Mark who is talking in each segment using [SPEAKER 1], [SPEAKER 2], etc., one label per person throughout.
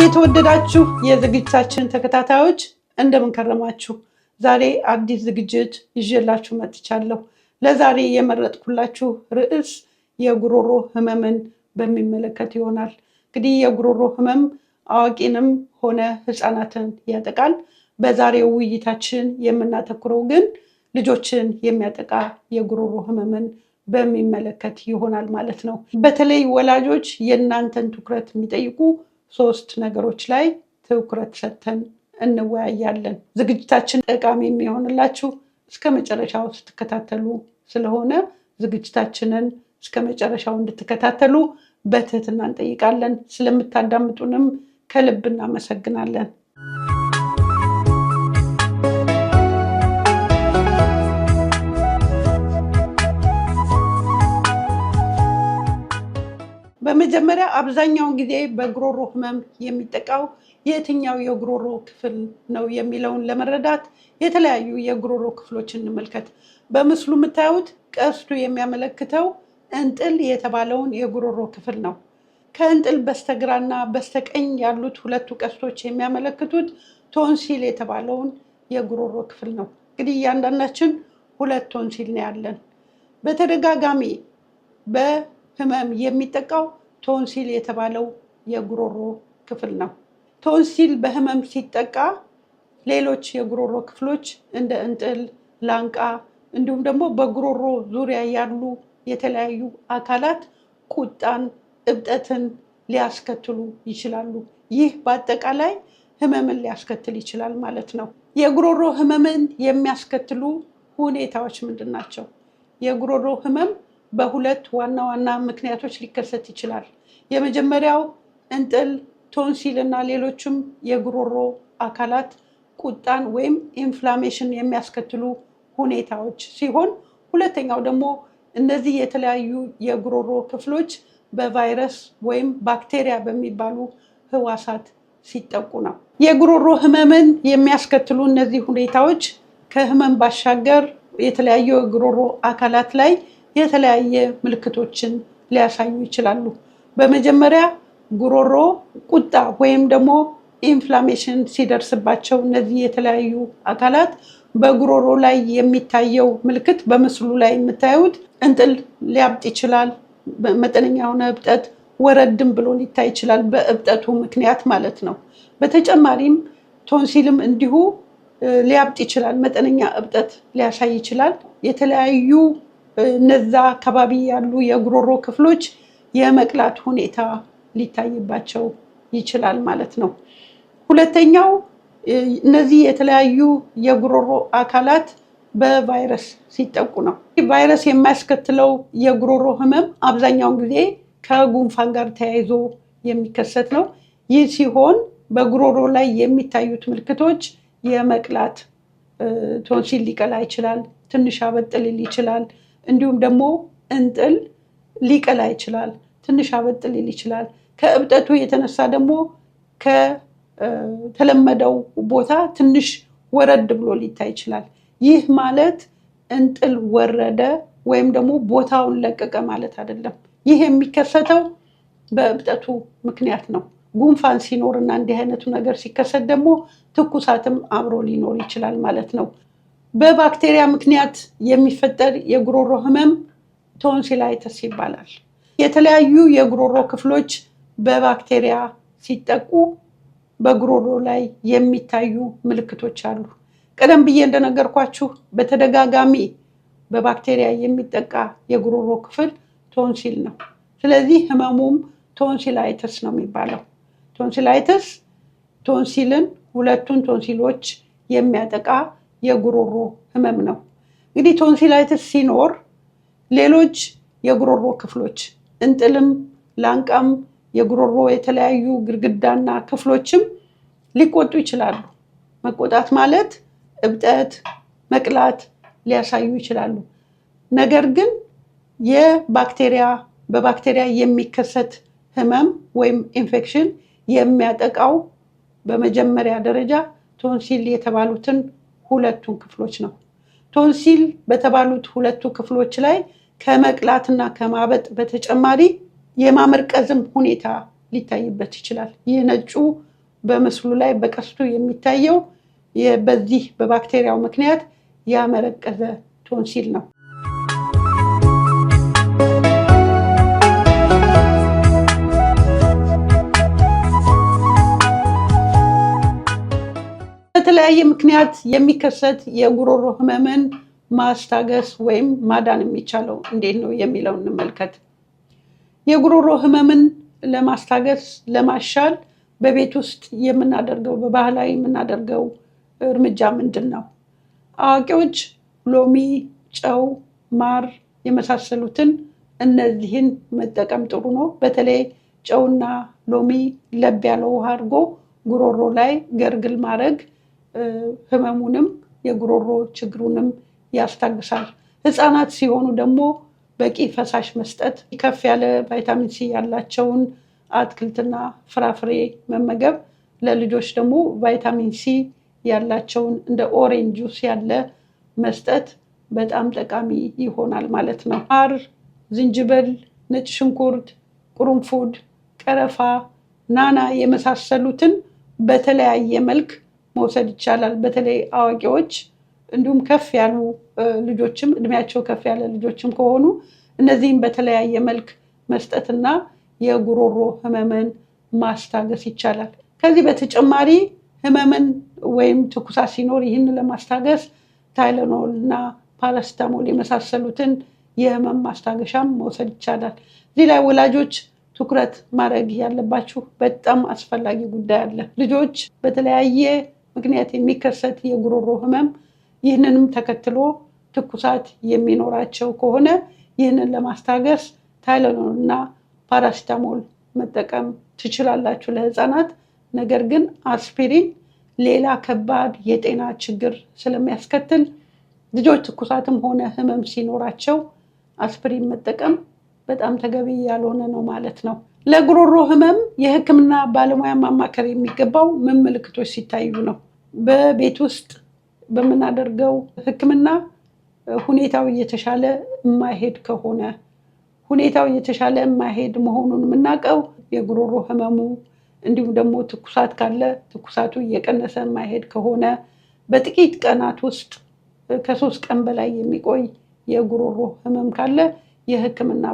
[SPEAKER 1] የተወደዳችሁ የዝግጅታችን ተከታታዮች እንደምን ዛሬ አዲስ ዝግጅት ይዤላችሁ መጥቻለሁ። ለዛሬ የመረጥኩላችሁ ርዕስ የጉሮሮ ህመምን በሚመለከት ይሆናል። እንግዲህ የጉሮሮ ህመም አዋቂንም ሆነ ህፃናትን ያጠቃል። በዛሬው ውይይታችን የምናተኩረው ግን ልጆችን የሚያጠቃ የጉሮሮ ህመምን በሚመለከት ይሆናል ማለት ነው። በተለይ ወላጆች የእናንተን ትኩረት የሚጠይቁ ሶስት ነገሮች ላይ ትኩረት ሰጥተን እንወያያለን። ዝግጅታችን ጠቃሚ የሚሆንላችሁ እስከ መጨረሻው ስትከታተሉ ስለሆነ ዝግጅታችንን እስከ መጨረሻው እንድትከታተሉ በትህትና እንጠይቃለን። ስለምታዳምጡንም ከልብ እናመሰግናለን። በመጀመሪያ አብዛኛውን ጊዜ በጉሮሮ ህመም የሚጠቃው የትኛው የጉሮሮ ክፍል ነው የሚለውን ለመረዳት የተለያዩ የጉሮሮ ክፍሎች እንመልከት። በምስሉ የምታዩት ቀስቱ የሚያመለክተው እንጥል የተባለውን የጉሮሮ ክፍል ነው። ከእንጥል በስተግራና በስተቀኝ ያሉት ሁለቱ ቀስቶች የሚያመለክቱት ቶንሲል የተባለውን የጉሮሮ ክፍል ነው። እንግዲህ እያንዳንዳችን ሁለት ቶንሲል ነው ያለን። በተደጋጋሚ በ ህመም የሚጠቃው ቶንሲል የተባለው የጉሮሮ ክፍል ነው። ቶንሲል በህመም ሲጠቃ ሌሎች የጉሮሮ ክፍሎች እንደ እንጥል፣ ላንቃ እንዲሁም ደግሞ በጉሮሮ ዙሪያ ያሉ የተለያዩ አካላት ቁጣን፣ እብጠትን ሊያስከትሉ ይችላሉ። ይህ በአጠቃላይ ህመምን ሊያስከትል ይችላል ማለት ነው። የጉሮሮ ህመምን የሚያስከትሉ ሁኔታዎች ምንድን ናቸው? የጉሮሮ ህመም በሁለት ዋና ዋና ምክንያቶች ሊከሰት ይችላል። የመጀመሪያው እንጥል፣ ቶንሲል እና ሌሎችም የጉሮሮ አካላት ቁጣን ወይም ኢንፍላሜሽን የሚያስከትሉ ሁኔታዎች ሲሆን ሁለተኛው ደግሞ እነዚህ የተለያዩ የጉሮሮ ክፍሎች በቫይረስ ወይም ባክቴሪያ በሚባሉ ህዋሳት ሲጠቁ ነው። የጉሮሮ ህመምን የሚያስከትሉ እነዚህ ሁኔታዎች ከህመም ባሻገር የተለያዩ የጉሮሮ አካላት ላይ የተለያየ ምልክቶችን ሊያሳዩ ይችላሉ። በመጀመሪያ ጉሮሮ ቁጣ ወይም ደግሞ ኢንፍላሜሽን ሲደርስባቸው እነዚህ የተለያዩ አካላት በጉሮሮ ላይ የሚታየው ምልክት በምስሉ ላይ የምታዩት እንጥል ሊያብጥ ይችላል። መጠነኛ የሆነ እብጠት ወረድም ብሎ ሊታይ ይችላል፣ በእብጠቱ ምክንያት ማለት ነው። በተጨማሪም ቶንሲልም እንዲሁ ሊያብጥ ይችላል፣ መጠነኛ እብጠት ሊያሳይ ይችላል። የተለያዩ እነዛ አካባቢ ያሉ የጉሮሮ ክፍሎች የመቅላት ሁኔታ ሊታይባቸው ይችላል ማለት ነው። ሁለተኛው እነዚህ የተለያዩ የጉሮሮ አካላት በቫይረስ ሲጠቁ ነው። ቫይረስ የሚያስከትለው የጉሮሮ ህመም አብዛኛውን ጊዜ ከጉንፋን ጋር ተያይዞ የሚከሰት ነው። ይህ ሲሆን በጉሮሮ ላይ የሚታዩት ምልክቶች የመቅላት ቶንሲል ሊቀላ ይችላል፣ ትንሽ አበጥልል ይችላል። እንዲሁም ደግሞ እንጥል ሊቀላ ይችላል። ትንሽ አበጥ ሊል ይችላል። ከእብጠቱ የተነሳ ደግሞ ከተለመደው ቦታ ትንሽ ወረድ ብሎ ሊታይ ይችላል። ይህ ማለት እንጥል ወረደ ወይም ደግሞ ቦታውን ለቀቀ ማለት አይደለም። ይህ የሚከሰተው በእብጠቱ ምክንያት ነው። ጉንፋን ሲኖር እና እንዲህ አይነቱ ነገር ሲከሰት ደግሞ ትኩሳትም አብሮ ሊኖር ይችላል ማለት ነው። በባክቴሪያ ምክንያት የሚፈጠር የጉሮሮ ህመም ቶንሲላይተስ ይባላል። የተለያዩ የጉሮሮ ክፍሎች በባክቴሪያ ሲጠቁ በጉሮሮ ላይ የሚታዩ ምልክቶች አሉ። ቀደም ብዬ እንደነገርኳችሁ በተደጋጋሚ በባክቴሪያ የሚጠቃ የጉሮሮ ክፍል ቶንሲል ነው። ስለዚህ ህመሙም ቶንሲላይተስ ነው የሚባለው። ቶንሲላይተስ ቶንሲልን ሁለቱን ቶንሲሎች የሚያጠቃ የጉሮሮ ህመም ነው። እንግዲህ ቶንሲላይትስ ሲኖር ሌሎች የጉሮሮ ክፍሎች እንጥልም፣ ላንቃም፣ የጉሮሮ የተለያዩ ግድግዳና ክፍሎችም ሊቆጡ ይችላሉ። መቆጣት ማለት እብጠት፣ መቅላት ሊያሳዩ ይችላሉ። ነገር ግን የባክቴሪያ በባክቴሪያ የሚከሰት ህመም ወይም ኢንፌክሽን የሚያጠቃው በመጀመሪያ ደረጃ ቶንሲል የተባሉትን ሁለቱ ክፍሎች ነው። ቶንሲል በተባሉት ሁለቱ ክፍሎች ላይ ከመቅላትና ከማበጥ በተጨማሪ የማመርቀዝም ሁኔታ ሊታይበት ይችላል። ይህ ነጩ በምስሉ ላይ በቀስቱ የሚታየው በዚህ በባክቴሪያው ምክንያት ያመረቀዘ ቶንሲል ነው። በተለያየ ምክንያት የሚከሰት የጉሮሮ ህመምን ማስታገስ ወይም ማዳን የሚቻለው እንዴት ነው የሚለውን እንመልከት። የጉሮሮ ህመምን ለማስታገስ ለማሻል በቤት ውስጥ የምናደርገው በባህላዊ የምናደርገው እርምጃ ምንድን ነው? አዋቂዎች ሎሚ፣ ጨው፣ ማር የመሳሰሉትን እነዚህን መጠቀም ጥሩ ነው። በተለይ ጨውና ሎሚ ለብ ያለው ውሃ አድርጎ ጉሮሮ ላይ ገርግል ማድረግ ህመሙንም የጉሮሮ ችግሩንም ያስታግሳል። ህፃናት ሲሆኑ ደግሞ በቂ ፈሳሽ መስጠት፣ ከፍ ያለ ቫይታሚን ሲ ያላቸውን አትክልትና ፍራፍሬ መመገብ፣ ለልጆች ደግሞ ቫይታሚን ሲ ያላቸውን እንደ ኦሬንጅ ጁስ ያለ መስጠት በጣም ጠቃሚ ይሆናል ማለት ነው። ማር፣ ዝንጅብል፣ ነጭ ሽንኩርት፣ ቁርንፉድ፣ ቀረፋ፣ ናና የመሳሰሉትን በተለያየ መልክ መውሰድ ይቻላል። በተለይ አዋቂዎች እንዲሁም ከፍ ያሉ ልጆችም እድሜያቸው ከፍ ያለ ልጆችም ከሆኑ እነዚህም በተለያየ መልክ መስጠትና የጉሮሮ ህመምን ማስታገስ ይቻላል። ከዚህ በተጨማሪ ህመምን ወይም ትኩሳት ሲኖር ይህን ለማስታገስ ታይለኖል እና ፓራስታሞል የመሳሰሉትን የህመም ማስታገሻም መውሰድ ይቻላል። እዚህ ላይ ወላጆች ትኩረት ማድረግ ያለባችሁ በጣም አስፈላጊ ጉዳይ አለ። ልጆች በተለያየ ምክንያት የሚከሰት የጉሮሮ ህመም ይህንንም ተከትሎ ትኩሳት የሚኖራቸው ከሆነ ይህንን ለማስታገስ ታይለኖል እና ፓራሲታሞል መጠቀም ትችላላችሁ ለህፃናት። ነገር ግን አስፒሪን ሌላ ከባድ የጤና ችግር ስለሚያስከትል ልጆች ትኩሳትም ሆነ ህመም ሲኖራቸው አስፕሪን መጠቀም በጣም ተገቢ ያልሆነ ነው ማለት ነው። ለጉሮሮ ህመም የህክምና ባለሙያ ማማከር የሚገባው ምን ምልክቶች ሲታዩ ነው? በቤት ውስጥ በምናደርገው ሕክምና ሁኔታው እየተሻለ የማይሄድ ከሆነ ሁኔታው እየተሻለ የማይሄድ መሆኑን የምናውቀው የጉሮሮ ህመሙ እንዲሁም ደግሞ ትኩሳት ካለ ትኩሳቱ እየቀነሰ የማይሄድ ከሆነ በጥቂት ቀናት ውስጥ ከሶስት ቀን በላይ የሚቆይ የጉሮሮ ህመም ካለ የህክምና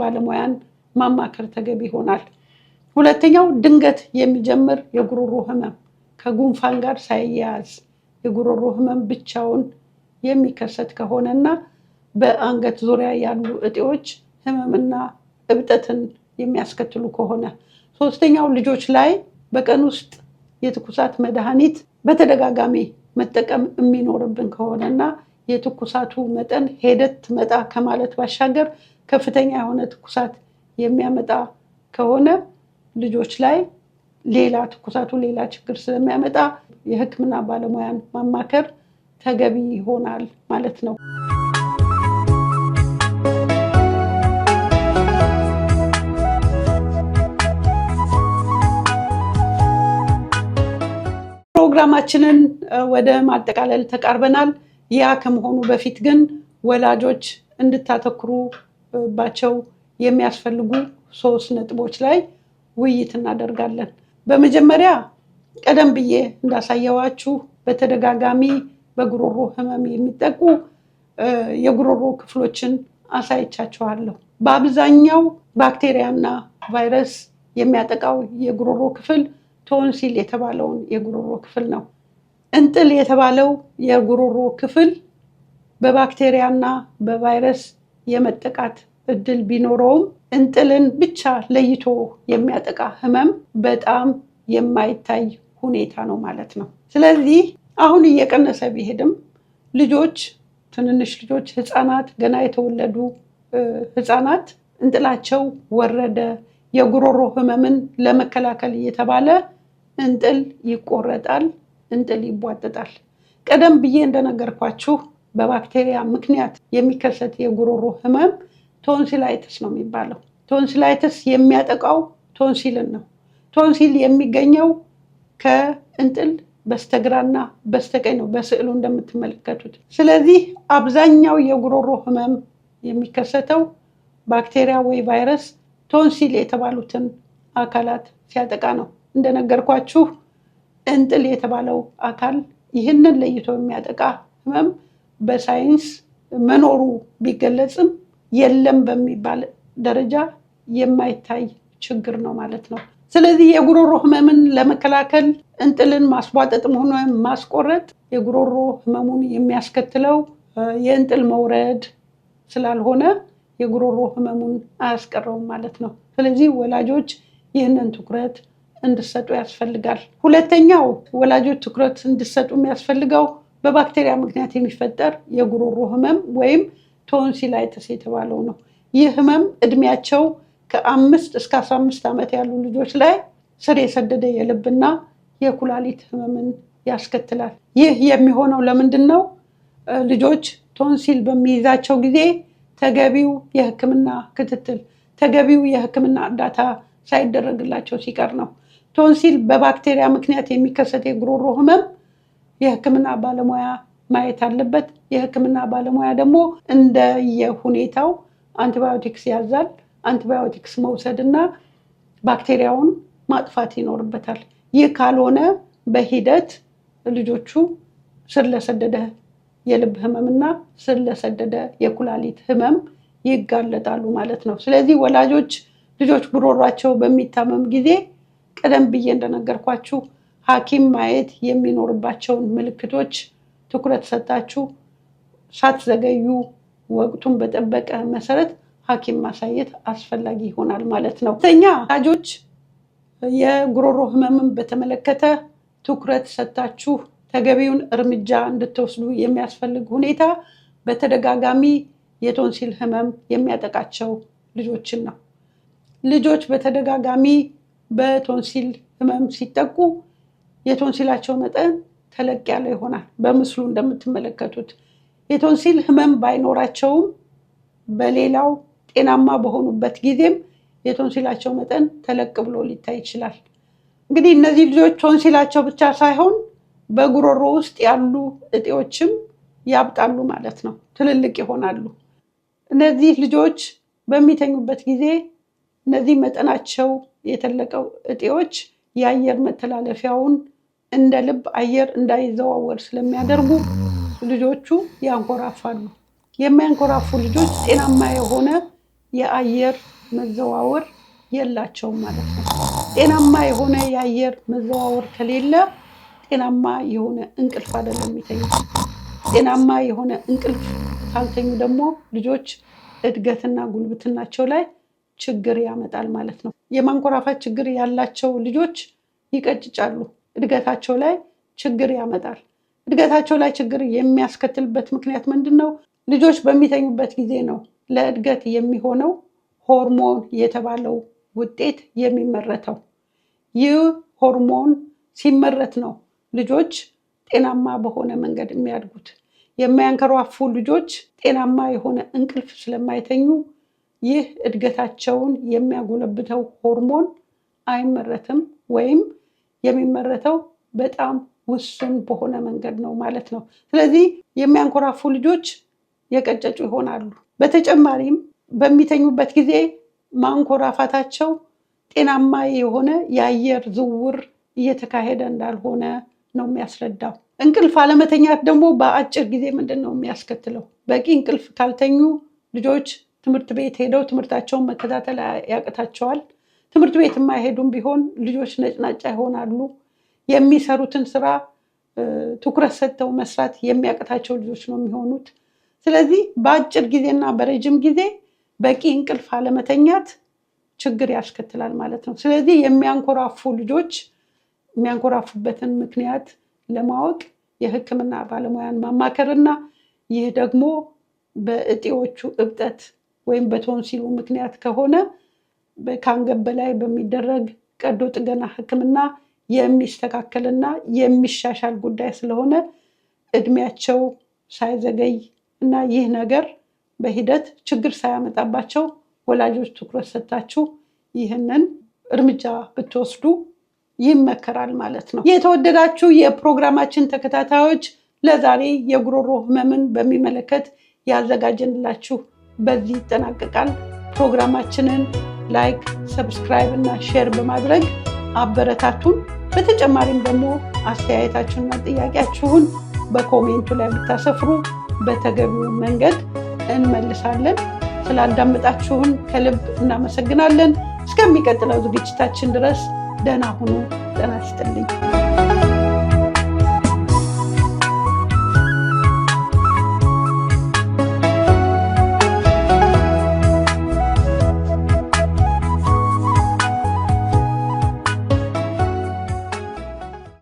[SPEAKER 1] ባለሙያን ማማከር ተገቢ ይሆናል። ሁለተኛው ድንገት የሚጀምር የጉሮሮ ህመም ከጉንፋን ጋር ሳይያያዝ የጉሮሮ ህመም ብቻውን የሚከሰት ከሆነ ና በአንገት ዙሪያ ያሉ እጢዎች ህመምና እብጠትን የሚያስከትሉ ከሆነ፣ ሶስተኛው ልጆች ላይ በቀን ውስጥ የትኩሳት መድኃኒት በተደጋጋሚ መጠቀም የሚኖርብን ከሆነ የትኩሳቱ መጠን ሄደት መጣ ከማለት ባሻገር ከፍተኛ የሆነ ትኩሳት የሚያመጣ ከሆነ ልጆች ላይ ሌላ ትኩሳቱ ሌላ ችግር ስለሚያመጣ የሕክምና ባለሙያን ማማከር ተገቢ ይሆናል ማለት ነው። ፕሮግራማችንን ወደ ማጠቃለል ተቃርበናል። ያ ከመሆኑ በፊት ግን ወላጆች እንድታተኩሩባቸው የሚያስፈልጉ ሶስት ነጥቦች ላይ ውይይት እናደርጋለን። በመጀመሪያ ቀደም ብዬ እንዳሳየዋችሁ በተደጋጋሚ በጉሮሮ ህመም የሚጠቁ የጉሮሮ ክፍሎችን አሳይቻችኋለሁ። በአብዛኛው ባክቴሪያና ቫይረስ የሚያጠቃው የጉሮሮ ክፍል ቶንሲል የተባለውን የጉሮሮ ክፍል ነው። እንጥል የተባለው የጉሮሮ ክፍል በባክቴሪያና በቫይረስ የመጠቃት እድል ቢኖረውም እንጥልን ብቻ ለይቶ የሚያጠቃ ህመም በጣም የማይታይ ሁኔታ ነው ማለት ነው። ስለዚህ አሁን እየቀነሰ ቢሄድም ልጆች፣ ትንንሽ ልጆች፣ ህፃናት፣ ገና የተወለዱ ህፃናት እንጥላቸው ወረደ፣ የጉሮሮ ህመምን ለመከላከል እየተባለ እንጥል ይቆረጣል፣ እንጥል ይቧጠጣል። ቀደም ብዬ እንደነገርኳችሁ በባክቴሪያ ምክንያት የሚከሰት የጉሮሮ ህመም ቶንሲላይትስ ነው የሚባለው። ቶንሲላይትስ የሚያጠቃው ቶንሲልን ነው። ቶንሲል የሚገኘው ከእንጥል በስተግራና በስተቀኝ ነው በስዕሉ እንደምትመለከቱት። ስለዚህ አብዛኛው የጉሮሮ ህመም የሚከሰተው ባክቴሪያ ወይ ቫይረስ ቶንሲል የተባሉትን አካላት ሲያጠቃ ነው። እንደነገርኳችሁ እንጥል የተባለው አካል ይህንን ለይቶ የሚያጠቃ ህመም በሳይንስ መኖሩ ቢገለጽም የለም በሚባል ደረጃ የማይታይ ችግር ነው ማለት ነው። ስለዚህ የጉሮሮ ህመምን ለመከላከል እንጥልን ማስቧጠጥም ሆነ ማስቆረጥ የጉሮሮ ህመሙን የሚያስከትለው የእንጥል መውረድ ስላልሆነ የጉሮሮ ህመሙን አያስቀረውም ማለት ነው። ስለዚህ ወላጆች ይህንን ትኩረት እንዲሰጡ ያስፈልጋል። ሁለተኛው ወላጆች ትኩረት እንዲሰጡ የሚያስፈልገው በባክቴሪያ ምክንያት የሚፈጠር የጉሮሮ ህመም ወይም ቶንሲላይተስ የተባለው ነው። ይህ ህመም እድሜያቸው ከአምስት እስከ አስራ አምስት ዓመት ያሉ ልጆች ላይ ስር የሰደደ የልብና የኩላሊት ህመምን ያስከትላል። ይህ የሚሆነው ለምንድን ነው? ልጆች ቶንሲል በሚይዛቸው ጊዜ ተገቢው የህክምና ክትትል፣ ተገቢው የህክምና እርዳታ ሳይደረግላቸው ሲቀር ነው። ቶንሲል በባክቴሪያ ምክንያት የሚከሰት የጉሮሮ ህመም የህክምና ባለሙያ ማየት አለበት። የህክምና ባለሙያ ደግሞ እንደየሁኔታው አንቲባዮቲክስ ያዛል። አንቲባዮቲክስ መውሰድ እና ባክቴሪያውን ማጥፋት ይኖርበታል። ይህ ካልሆነ በሂደት ልጆቹ ስር ለሰደደ የልብ ህመምና ስር ለሰደደ የኩላሊት ህመም ይጋለጣሉ ማለት ነው። ስለዚህ ወላጆች ልጆች ጉሮሯቸው በሚታመም ጊዜ ቀደም ብዬ እንደነገርኳችሁ ሐኪም ማየት የሚኖርባቸውን ምልክቶች ትኩረት ሰጣችሁ ሳትዘገዩ ወቅቱን በጠበቀ መሰረት ሐኪም ማሳየት አስፈላጊ ይሆናል ማለት ነው። ተኛ ታጆች የጉሮሮ ህመምን በተመለከተ ትኩረት ሰጥታችሁ ተገቢውን እርምጃ እንድትወስዱ የሚያስፈልግ ሁኔታ በተደጋጋሚ የቶንሲል ህመም የሚያጠቃቸው ልጆችን ነው። ልጆች በተደጋጋሚ በቶንሲል ህመም ሲጠቁ የቶንሲላቸው መጠን ተለቅ ያለ ይሆናል። በምስሉ እንደምትመለከቱት የቶንሲል ህመም ባይኖራቸውም በሌላው ጤናማ በሆኑበት ጊዜም የቶንሲላቸው መጠን ተለቅ ብሎ ሊታይ ይችላል። እንግዲህ እነዚህ ልጆች ቶንሲላቸው ብቻ ሳይሆን በጉሮሮ ውስጥ ያሉ እጤዎችም ያብጣሉ ማለት ነው፣ ትልልቅ ይሆናሉ። እነዚህ ልጆች በሚተኙበት ጊዜ እነዚህ መጠናቸው የተለቀው እጤዎች የአየር መተላለፊያውን እንደ ልብ አየር እንዳይዘዋወር ስለሚያደርጉ ልጆቹ ያንኮራፋሉ። የሚያንኮራፉ ልጆች ጤናማ የሆነ የአየር መዘዋወር የላቸውም ማለት ነው። ጤናማ የሆነ የአየር መዘዋወር ከሌለ ጤናማ የሆነ እንቅልፍ አይደለም የሚተኙት። ጤናማ የሆነ እንቅልፍ ካልተኙ ደግሞ ልጆች እድገትና ጉልብትናቸው ላይ ችግር ያመጣል ማለት ነው። የማንኮራፋት ችግር ያላቸው ልጆች ይቀጭጫሉ። እድገታቸው ላይ ችግር ያመጣል። እድገታቸው ላይ ችግር የሚያስከትልበት ምክንያት ምንድን ነው? ልጆች በሚተኙበት ጊዜ ነው ለእድገት የሚሆነው ሆርሞን የተባለው ውጤት የሚመረተው። ይህ ሆርሞን ሲመረት ነው ልጆች ጤናማ በሆነ መንገድ የሚያድጉት። የሚያንከሯፉ ልጆች ጤናማ የሆነ እንቅልፍ ስለማይተኙ ይህ እድገታቸውን የሚያጎለብተው ሆርሞን አይመረትም ወይም የሚመረተው በጣም ውስን በሆነ መንገድ ነው ማለት ነው። ስለዚህ የሚያንኮራፉ ልጆች የቀጨጩ ይሆናሉ። በተጨማሪም በሚተኙበት ጊዜ ማንኮራፋታቸው ጤናማ የሆነ የአየር ዝውውር እየተካሄደ እንዳልሆነ ነው የሚያስረዳው። እንቅልፍ አለመተኛት ደግሞ በአጭር ጊዜ ምንድን ነው የሚያስከትለው? በቂ እንቅልፍ ካልተኙ ልጆች ትምህርት ቤት ሄደው ትምህርታቸውን መከታተል ያቅታቸዋል። ትምህርት ቤት የማይሄዱም ቢሆን ልጆች ነጭናጫ ይሆናሉ። የሚሰሩትን ስራ ትኩረት ሰጥተው መስራት የሚያቅታቸው ልጆች ነው የሚሆኑት። ስለዚህ በአጭር ጊዜና በረጅም ጊዜ በቂ እንቅልፍ አለመተኛት ችግር ያስከትላል ማለት ነው። ስለዚህ የሚያንኮራፉ ልጆች የሚያንኮራፉበትን ምክንያት ለማወቅ የሕክምና ባለሙያን ማማከርና ይህ ደግሞ በእጢዎቹ እብጠት ወይም በቶንሲሉ ምክንያት ከሆነ ከአንገት በላይ በሚደረግ ቀዶ ጥገና ህክምና የሚስተካከልና የሚሻሻል ጉዳይ ስለሆነ እድሜያቸው ሳይዘገይ እና ይህ ነገር በሂደት ችግር ሳያመጣባቸው ወላጆች ትኩረት ሰጥታችሁ ይህንን እርምጃ ብትወስዱ ይመከራል ማለት ነው። የተወደዳችሁ የፕሮግራማችን ተከታታዮች ለዛሬ የጉሮሮ ህመምን በሚመለከት ያዘጋጀንላችሁ በዚህ ይጠናቀቃል። ፕሮግራማችንን ላይክ፣ ሰብስክራይብ እና ሼር በማድረግ አበረታቱን። በተጨማሪም ደግሞ አስተያየታችሁንና ጥያቄያችሁን በኮሜንቱ ላይ ብታሰፍሩ በተገቢው መንገድ እንመልሳለን። ስላዳመጣችሁን ከልብ እናመሰግናለን። እስከሚቀጥለው ዝግጅታችን ድረስ ደህና ሁኑ። ጤና ይስጥልኝ።